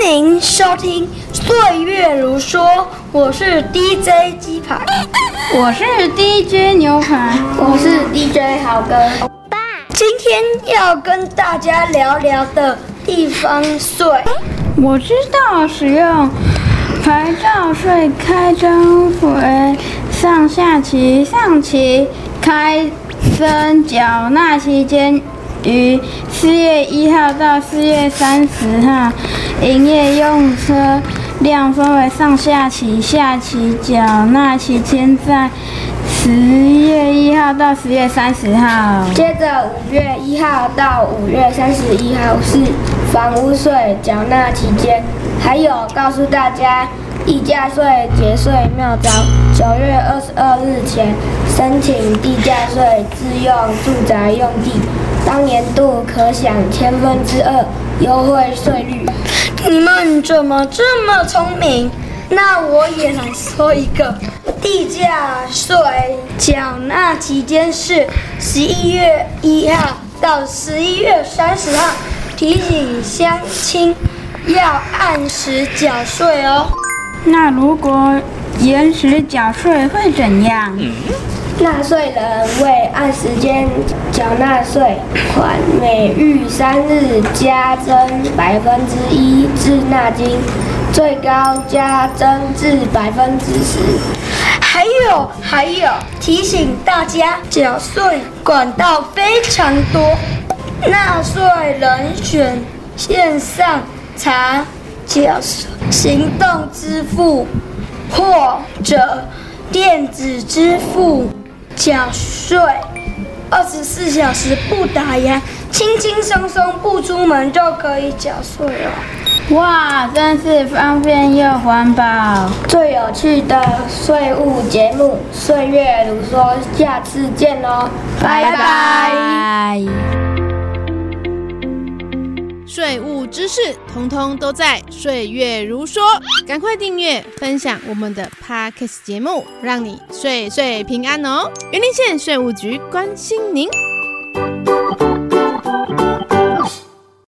歡迎收聽《歲月如梭》，我是 DJ 雞排，我是 DJ 牛排，我是 DJ 豪哥。爸，今天要跟大家聊聊的地方稅。我知道，使用牌照稅開徵為上下期，上期開徵繳納期間於四月一號到四月三十號。營業用車輛分為上下期，下期繳納期間在十月一號到十月三十號。接着五月一號到五月三十一號是房屋稅繳納期間。還有告訴大家地價稅節稅妙招：九月二十二日前申請地價稅自用住宅用地，當年度可享千分之二優惠稅率。你們怎麼這麼聰明？那我也來說一個，地價稅繳納期間是十一月一號到十一月三十號，提醒鄉親要按時繳稅哦。那如果延遲繳稅會怎樣？嗯納稅人未按時間繳納稅款，每逾三日加徵百分之一滯納金，最高加徵至百分之十。還有還有，提醒大家，繳稅管道非常多，納稅人選線上查繳稅、行動支付或者電子支付。繳稅，二十四小時不打烊，輕輕鬆鬆不出門就可以繳稅了。哇，真是方便又環保！最有趣的稅務節目，歲月如梭，下次見嘍，拜拜。拜拜稅務知識，通通都在《稅月如梭》，趕快訂閱分享我們的 Podcast 節目，讓你稅稅平安哦！雲林縣稅務局關心您。